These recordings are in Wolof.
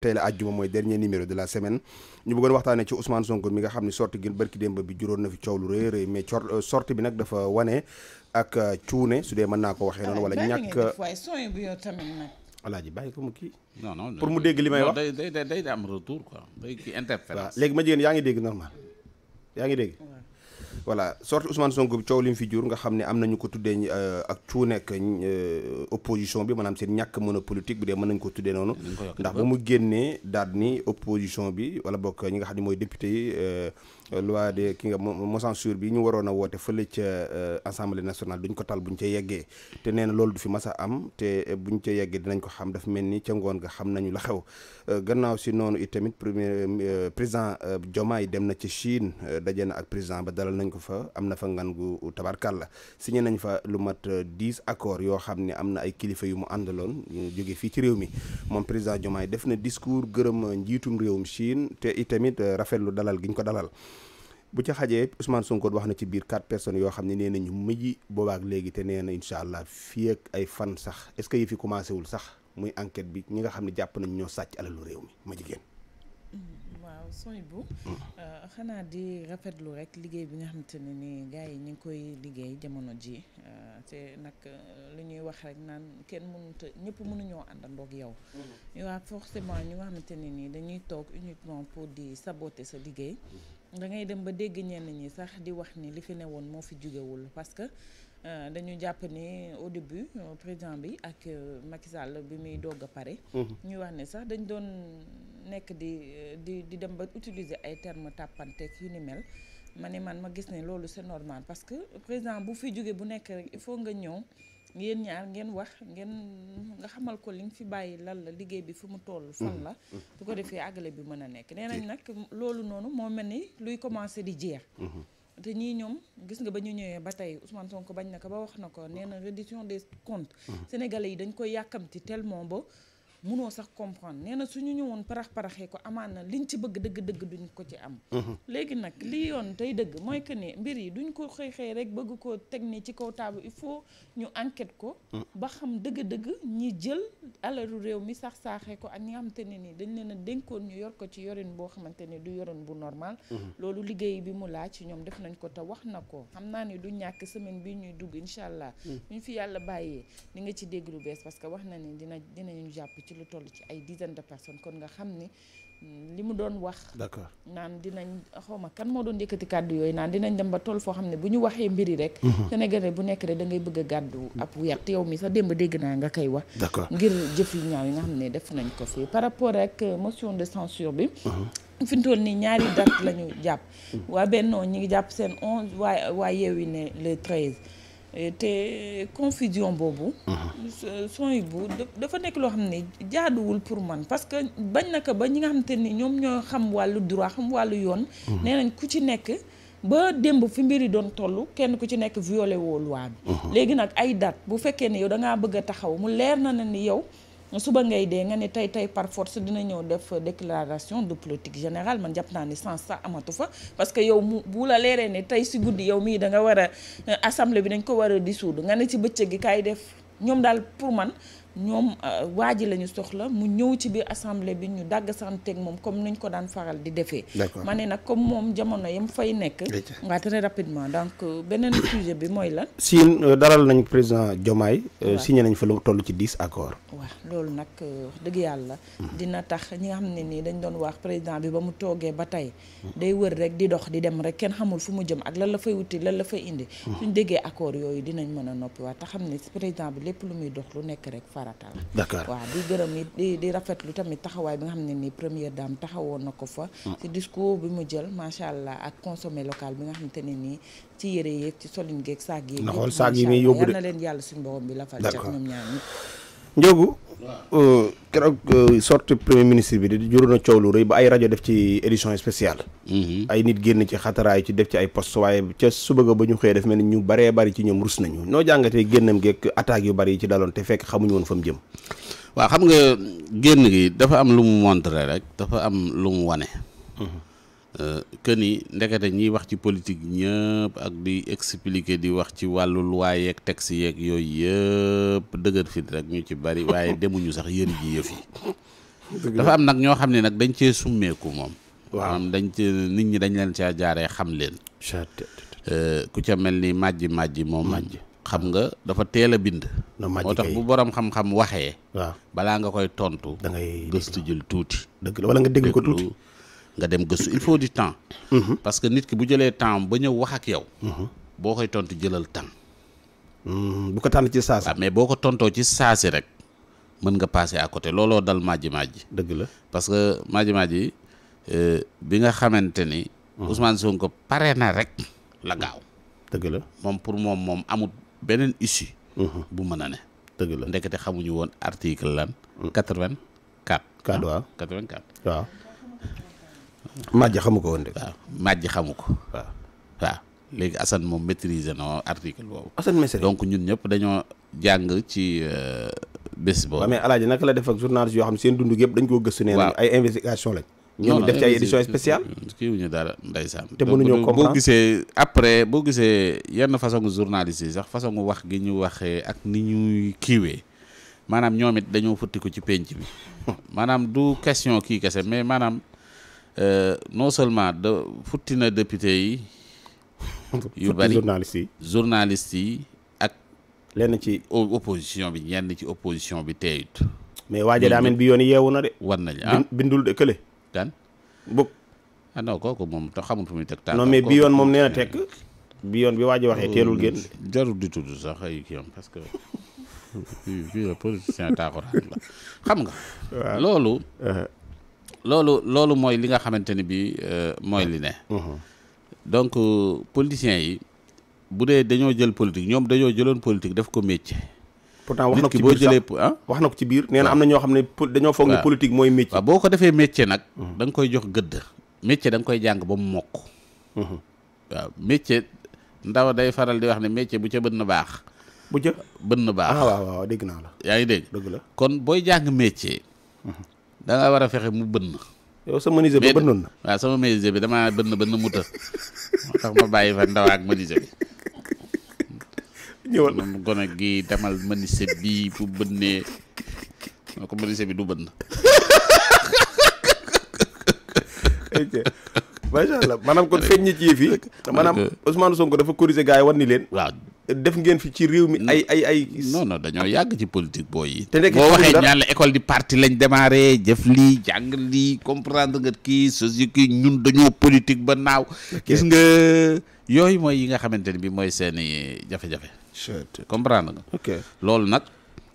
tey la àjjuma mooy dernier numéro de la semaine ñu bëggoon waxtaanee ci Ousmane Sonko mi nga xam ne sorti gi barki démb bi juróon na fi coow lu rëy rëy mais euh, sorti bi nag dafa wane ak euh, cuune su dee mën naa ko waxee noonu. wala ah, ñàkk waaye sooy bu yow tamit ko mu kii. non pour mu dégg li may wax day day day am retour quoi day léegi ma jigéen yaa ngi dégg normal yaa ngi dégg. voilà sorti Ousmane Sonko bi coow li mu fi jur nga xam ne am nañu ko tuddee euh, ak cuu nekk euh, opposition bi maanaam seen ñàkk mën a politique bi dee mën nañu ko tuddee noonu ndax ba mu génnee daal ni opposition bi wala bokk ñi nga xam ne mooy député yi euh, loi de ki nga mo censure bi ñu waroon a woote fële ca euh, assemblée nationale duñ ko taal buñ ca yeggee te nee na loolu du fi mas am te euh, buñ ca yeggee dinañ ko xam dafa mel ni ca ngoon nga xam nañu la xew euh, gannaaw si noonu it tamit premier président Diomaye dem na ci Chine daje na ak président ba dalal nañ ko fa am na fa ngan gu tabarkàlla signé nañ fa lu mat dix accords yoo xam ne am na ay kilifa yu mu àndaloon jóge fii ci réew mi moom président Diomaye def na discours gërëm njiitum réewum Chine te itamit rafetlu dalal gi ko dalal bu ci xajee Ousmane Sonko wax na ci biir quatre personnes yoo xam ne nee nañu mujj boobaak léegi te nee na allah fii ay fan sax est-ce que yi fi commencé sax muy enquête bi ñi nga xam ne jàpp nañ ñoo sàcc alalu réew mi ma mm-hmm. waaw sooy bu mm. euh, xanaa di rafetlu rek liggéey bi nga xamante ne nii gars yi ñu ngi koy liggéey jamono ji euh, te nag euh, lu ñuy wax rek naan kenn mënut ñëpp mënuñoo àndandoo ak yow. Mm-hmm. waaw forcément ñu nga xamante ne ni dañuy toog uniquement pour di saboter sa liggéey. Mm-hmm. da ngay dem ba dégg ñenn ñi sax di wax ni li fi ne woon moo fi jugewul parce que euh, dañu jàpp ni au début euh, président bi ak euh, Macky Sall bi muy doog pare. Mhm. ñuy wax ne sax dañ doon nekk di di di dem ba utiliser ay termes tàppanteeg yu ni mel. ma ne man ma gis ne loolu c'est normal parce que président bu fi jógee bu nekk rek il faut nga ñëw ngeen ñaar ngeen wax ngeen nga xamal ko li nga fi bàyyi lan la liggéey bi fu mu toll. fan la su ko defee àggale bi mën a nekk. nee nag loolu noonu moo mel ni luy commencer di jeex. te ñii ñoom gis nga ba ñu ñëwee ba tey Ousmane Sonko bañ na ko ba wax na ko nee na reddition des comptes. Mmh. sénégalais yi dañ koy yàkkamti tellement ba. munoo sax comprendre nee na suñu ñëwoon parax paraxee ko amaan na li liñ ci bëgg dëgg dëgg duñ ko ci am. Mhm. léegi nag li yoon tey dëgg mooy que ni mbir yi duñ ko xëy xëy rek bëgg koo teg ni ci kaw taabu il faut ñu enquête ko. Mhm. ba xam dëgg dëgg ñi jël alalu réew mi sax saaxee ko ak ñi nga xamante ne nii dañ leen a dénkoon ñu yor ko ci yorin boo xamante ne du yorin bu normal. Mhm. loolu liggéey bi mu laa ci ñoom def nañ ko te wax na ko xam naa ni du ñàkk semaine bi ñuy dugg incha allah. fi yàlla bàyyee ni nga ci dégg lu bees parce que wax na ni dina dinañu jàpp ci lu toll ci ay dizaine de personnes kon nga xam ni mm, li mu doon wax. d'accord naan dinañ xaw ma kan moo doon yëkkati kàddu yooyu naan dinañ dem ba toll foo xam ne bu ñu waxee mbiri rek. Mhm. Sénégalais bu nekk rek da ngay bëgg a gàddu ab weer te yow mi sax démb dégg naa nga koy wax. d'accord ngir jëf yu ñaaw yi nga xam ne def nañ ko fi par rapport ak euh, motion de censure bi. Mhm. fi mu toll nii ñaari date la ñu jàpp. Mhm. waa Benno ñi ngi jàpp seen onze waa waa Yewwi ne le treize. te confusion boobu. Uh-huh. sooy bu dafa nekk loo xam ne jaaduwul pour man parce que bañ na ko ba ñi nga xamante ni ñoom ñoo xam wàllu droit xam wàllu yoon. Uh-huh. nee nañ ku ci nekk ba démb fi mbir yi doon toll kenn ku ci nekk violé woo loi uh-huh. léegi nag ay date bu fekkee ne yow da ngaa bëgg a taxaw mu leer na ne ni yow. suba ngay dee nga ne tey tey par force dina ñëw def déclaration de politique général man jàpp naa ne sans ça amatu fa parce que yow mu bu la leeree ne tey si guddi yow mii danga war a euh, assemblée bi dañ ko war a dissoudre nga ne si bëccëg gi kaay def ñoom daal pour man ñoom euh, waa ji la ñu soxla mu ñëw ci biir assemblée bi ñu dagg santeeg moom comme nuñ ko daan faral di defee ma ne nag comme moom jamono yam fay nekk waa très rapidement donc euh, beneen sujet bi mooy lan siin euh, daral nañ président Diomaye signé nañ fa lu toll ci 10 accord loolu nag wax dëgg yàlla hmm. dina tax ñi nga xam ne nii dañ doon wax président bi ba mu toogee ba tey hmm. day wër rek di dox di dem rek kenn xamul fu mu jëm ak lan la fay wuti lan la fay indi hmm. suñ déggee accord yooyu dinañ mën a noppi waa xam ne président bi lépp lu muy dox lu nekk rek fara farata la. d'accord waaw gërëm it di di rafetlu tamit taxawaay bi nga xam ne nii première dame taxawoon na ko fa. Mm. ci discours bi mu jël macha allah ak consommé local bi nga xamante ne nii ci yëre yeeg ci solin geeg saag yeeg. na xool yal na leen yàlla suñu borom bi la fal. d'accord ñoom ñaar ñi. Euh, keroog euh, sorti premier ministre bi di juróon na coow lu rëy ba ay rajo def ci édition spéciale mhm. ay nit génn ci xataraay ci def ci ay poste waaye ca suba ga ba ñu xëyee def mel ni ñu baree bari ci ñoom rus nañu ñoo jàngatee génnam geeg attaque yu bari ci daloon te fekk xamuñu woon fa mu jëm waaw xam nga génn gi dafa am lu mu montré rek dafa am lu mu wane mhm. Euh, que ni ndekete ñiy wax ci politique ñëpp ak di expliquer di wax ci wàllu loi yeeg texte yeeg yooyu yëpp dëgër fit rek ñu ci bari waaye demuñu sax yëri ji yëf yi dafa am nag ñoo xam ne nag dañ cee summeeku moom waaw dañ ci nit ñi dañ leen caa jaaree xam leen euh, ku ca mel ni màjji màjji moom màjji xam nga dafa teel a bind moo tax bu borom xam-xam waxee waaw balaa nga koy tontu dangay ngay gëstu jël tuuti dëgg la wala nga dégg ko tuuti nga dem gëstu il faut du temps. Mhm. parce que nit ki bu jëlee temps ba ñëw wax ak yow. Mhm. boo koy tontu jëlal temps. Mhm. bu ko tànn ci saasi. mais boo ko tontoo ci saasi rek mën nga passé à côté looloo dal maaji maaji. dëgg la parce que maaji maaji euh, bi nga xamante ni. Ousmane ko pare na rek la gaaw. dëgg la moom pour moom moom amut beneen issue. bu mën a ne. dëgg la ndekete xamuñu woon article lan. quatre vingt quatre. quatre waaw quatre waaw. Madji xamu ko woon de. waaw Madji xamu ko. waaw waaw léegi Assane moom maîtriser na article boobu. Assane Mesere donc ñun ñëpp dañoo jàng ci euh, bés boobu. waaw mais Alaaji naka la def ak journaliste yoo xam seen dund yëpp dañ koo gëstu. waaw nee ay investigation lañ. ñoom def ci ay édition spéciale kii wu ñu dara ndeysaan te mënuñoo comprendre boo gisee après boo gisee yenn façon journaliste yi sax façon wax gi ñu waxee ak ni ñuy kiiwee maanaam ñoom it dañoo futti ko ci penc bi maanaam du question kii kese mais maanaam Euh, non seulement da futti na député yi. yu bari journaliste yi journaliste yi ak. lenn ci opposition bi ñenn ci opposition bi teeyut. mais waaja daa mel bi yoon yeewu na de. war nañ a ah. bindul de kële. kan boobu. ah non kooku moom te xamul fu muy teg. mais bi yoon moom na tekk bi yoon bi waaja waxee teelul génn. jarul di tudd sax parce que. fii taaxuraan la xam nga. loolu. Uh-huh. loolu loolu mooy li nga xamante ni bii euh, mooy li ne. donc euh, politiciens yi bu dee dañoo jël politique ñoom dañoo jëloon politique def ko métier. pourtant wax na ko boo jëlee ah. wax na ko ci biir nee na am na ñoo xam ne dañoo foog ne politique mooy métier. boo ko defee métier nag. danga koy jox gëdd. métier danga koy jàng ba mu mokk. waaw métier ndaw day faral di wax ne métier bu ca bën na baax. bu ca bën na baax ah naa la. yaa ngi dégg dëgg la kon booy jàng métier. da war a fexe mu bënn. yow sa menuisier ba bënnoon na. waaw sama menuisier bi damaa bënn bënn mu të. moo tax ma bàyyi fa ndaw ak menuisier bi. ñëwal moom gone gi demal menuisier bii bu bënnee moo ko menuisier bi du bënn. macha allah maanaam kon feeñ ñi ci yëf yi maanaam Ousmane Sonko dafa corriger gars yi wan ni leen waaw. def ngeen fi ci réew mi ay ay ay. non dañoo yàgg ci politique booy yi. te nekk boo waxee ñaan la école di parti lañ démarré jëf lii jàng lii comprendre nga kii sosi kii ñun dañoo politique ba naaw. gis nga yooyu mooy yi nga xamante ne bii mooy seen i jafe-jafe. comprendre nga. ok loolu nag.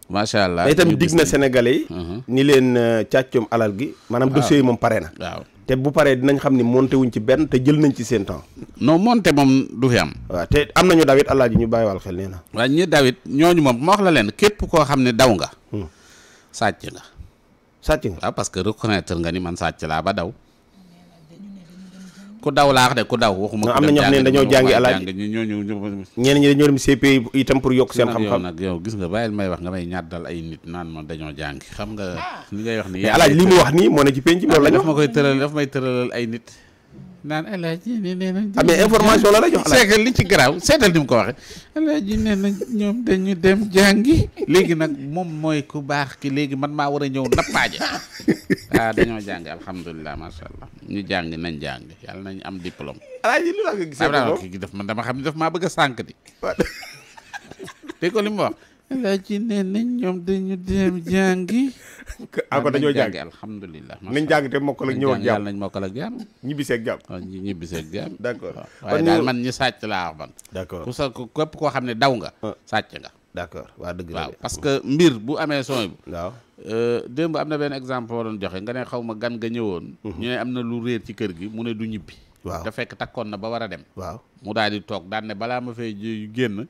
macha allah itam dig na Sénégalais yi. Mhm. ni leen euh, càccum alal gi. maanaam ah. dossier moom pare na waaw. te bu paree dinañ xam ni monté wuñ ci benn te jël nañ ci seen temps. non monté moom du fi am. waaw te am nañu dawit alaaji ñu bàyyiwaal xel nee na. waaw ñi dawit ñooñu moom ma wax la leen képp koo xam ne daw nga. Hmm. sàcc nga. sàcc nga waaw parce que reconnaître nga ni man sàcc laa ba daw. ku daw laa wax de ku daw waxuma am na ñoo xam ne dañoo jàngi alaaji ñooñu ñi dañoo dem CPI itam pour yokk seen xam-xam gis nga bàyyil may wax nga may ñàddal ay nit naan ma dañoo jàngi xam nga ah. li ngay wax ni alaaji li mu nii moo ne ci penc ah, loolu la daf daf may tëralal ay nit naan El Hadj nee nañ. ah mais information la la jox la. c'est que li ci garaaw seetal ni mu ko waxee. El na ñoom dañu dem jàngi. léegi nag moom mooy ku baax ki léegi man maa war a ñëw nappaaje. ah dañoo jàng alhamdulilah macha allah ñu jàng nañ jàng yàlla nañu am diplôme. El Hadj lu la ko gisee. daf man dama xam ne daf maa bëgg a sànq di. dégg ko li mu alaaji nee nañ ñoom dañu dem jàngi. ako ah, dañoo jàngi alhamdulilah. nañ jàng te mokkal ak ñëw ak nañ mokkal ak jàmm. ñibbiseeg jàmm. waaw ah, ñibbiseeg jàmm. d' accord ah, waaye daal man ñi sàcc laa wax man. d' accord ku sa képp koo xam ne daw nga. sàcc nga. d' accord waa dëgg waaw parce que mbir bu amee son bi. waaw euh, démb am na benn exemple waroon joxe nga ne xaw ma gan nga ñëwoon. Mhm. ñu ne am na lu réer ci kër gi mu ne du ñibbi. waaw fekk takkoon na ba war a dem. waaw mu daa di toog daan ne balaa ma fay génn.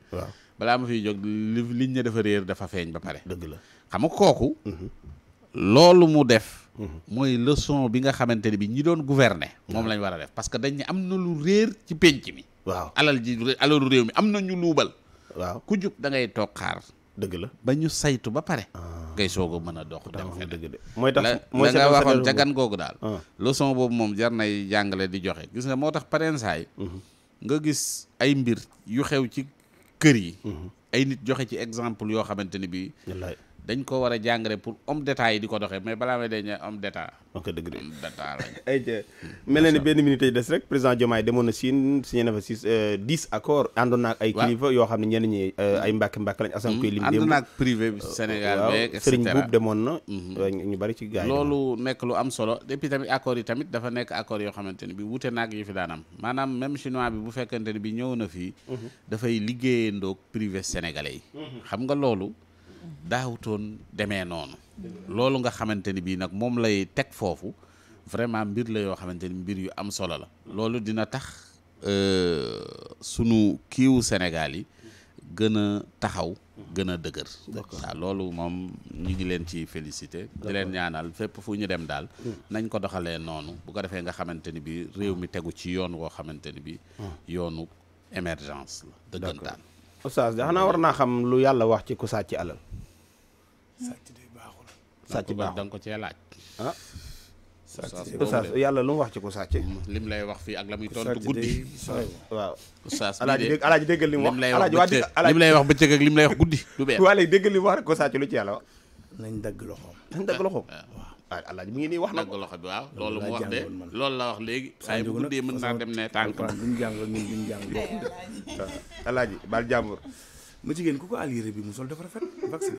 balaa ma fiy jóg li liñ ne dafa réer dafa feeñ ba pare. dëgg la xam nga kooku. Mhm. loolu mu def. Mhm. mooy leçon bi nga xamante ni bi ñi doon gouverner. moom lañ war a def parce que dañ ne am na lu réer ci penc mi. waaw alal ji alalu réew mi am na ñu luubal. waaw ku jub da ngay toog xaar. dëgg la ba ñu saytu ba pare. Ah. ngay soo ko mën a dox. dem fenn dëgg de mooy tax mooy nga waxoon jagan googu daal. Ah. leçon boobu moom jar nay jàngale di joxe gis nga moo tax pareen saay mhm. nga gis ay mbir yu xew ci kër yi mhm. ay nit joxe ci exemple yoo xamante ni bii dañ ko war a jàngale pour homme d'état yi di ko doxee mais balaa may dañ ne homme d'état. ok dëgg hmm. na ni benn minute yi des rek président Diomaye demoon na Chine signé na fa six euh, dix accords. àndoon naag ay kilifa yoo xam ne ñenn ñi euh, ay mbàkk mbàkk lañ. asan hmm. koy lim démb na. Hmm. Euh, ñu bari ci gars loolu nekk lu am solo depuis puis tamit accords yi tamit dafa nekk accords yoo xamante ni bi wuute naag yu fi daan maanaam maanaam même chinois bi bu fekkente ni bi ñëw na fii. Mhm. dafay liggéeyandoo privé sénégalais yi. Mhm. xam daawutoon demee noonu loolu nga xamante ni bii nag moom lay teg foofu vraiment mbir la yoo xamante ni mbir yu am solo la loolu dina tax euh, sunu kiiwu Sénégal yi gën a taxaw gën a dëgër waaw loolu moom ñu ngi leen ci félicité di leen ñaanal fépp fu ñu dem daal hmm. nañ ko doxalee noonu bu ko defee nga xamante ni bi réew mi tegu ci yoon woo xamante ni bi hmm. yoonu émergence la dëggantaan xanaa war naa xam lu yàlla wax ci ku ci alal sàcc day baaxul. sàcc baaxul da nga ko cee laaj. ah. Oustaz yàlla lu mu wax ci ko sàcc. lim lay wax fii ak la muy tontu guddi. waaw Oustaz alaaji dégg alaaji déggal li mu wax alaaji waa lim lay wax bëccëg ak lim lay wax guddi du benn. waa léegi déggal li mu wax rek ko sàcc lu ci yàlla wax. nañ dagg loxoom. nañ dagg loxoom waaw. Ah, ah. waaw ah, alaaji mu ngi nii wax na ko loxo bi waaw loolu mu wax de loolu la wax léegi saa bu guddee mën naa dem ne tànk duñ jàng ñun duñ jàng alaaji bal jàmbur mu jigéen ku ko al yére bi mu sol dafa rafet vaccin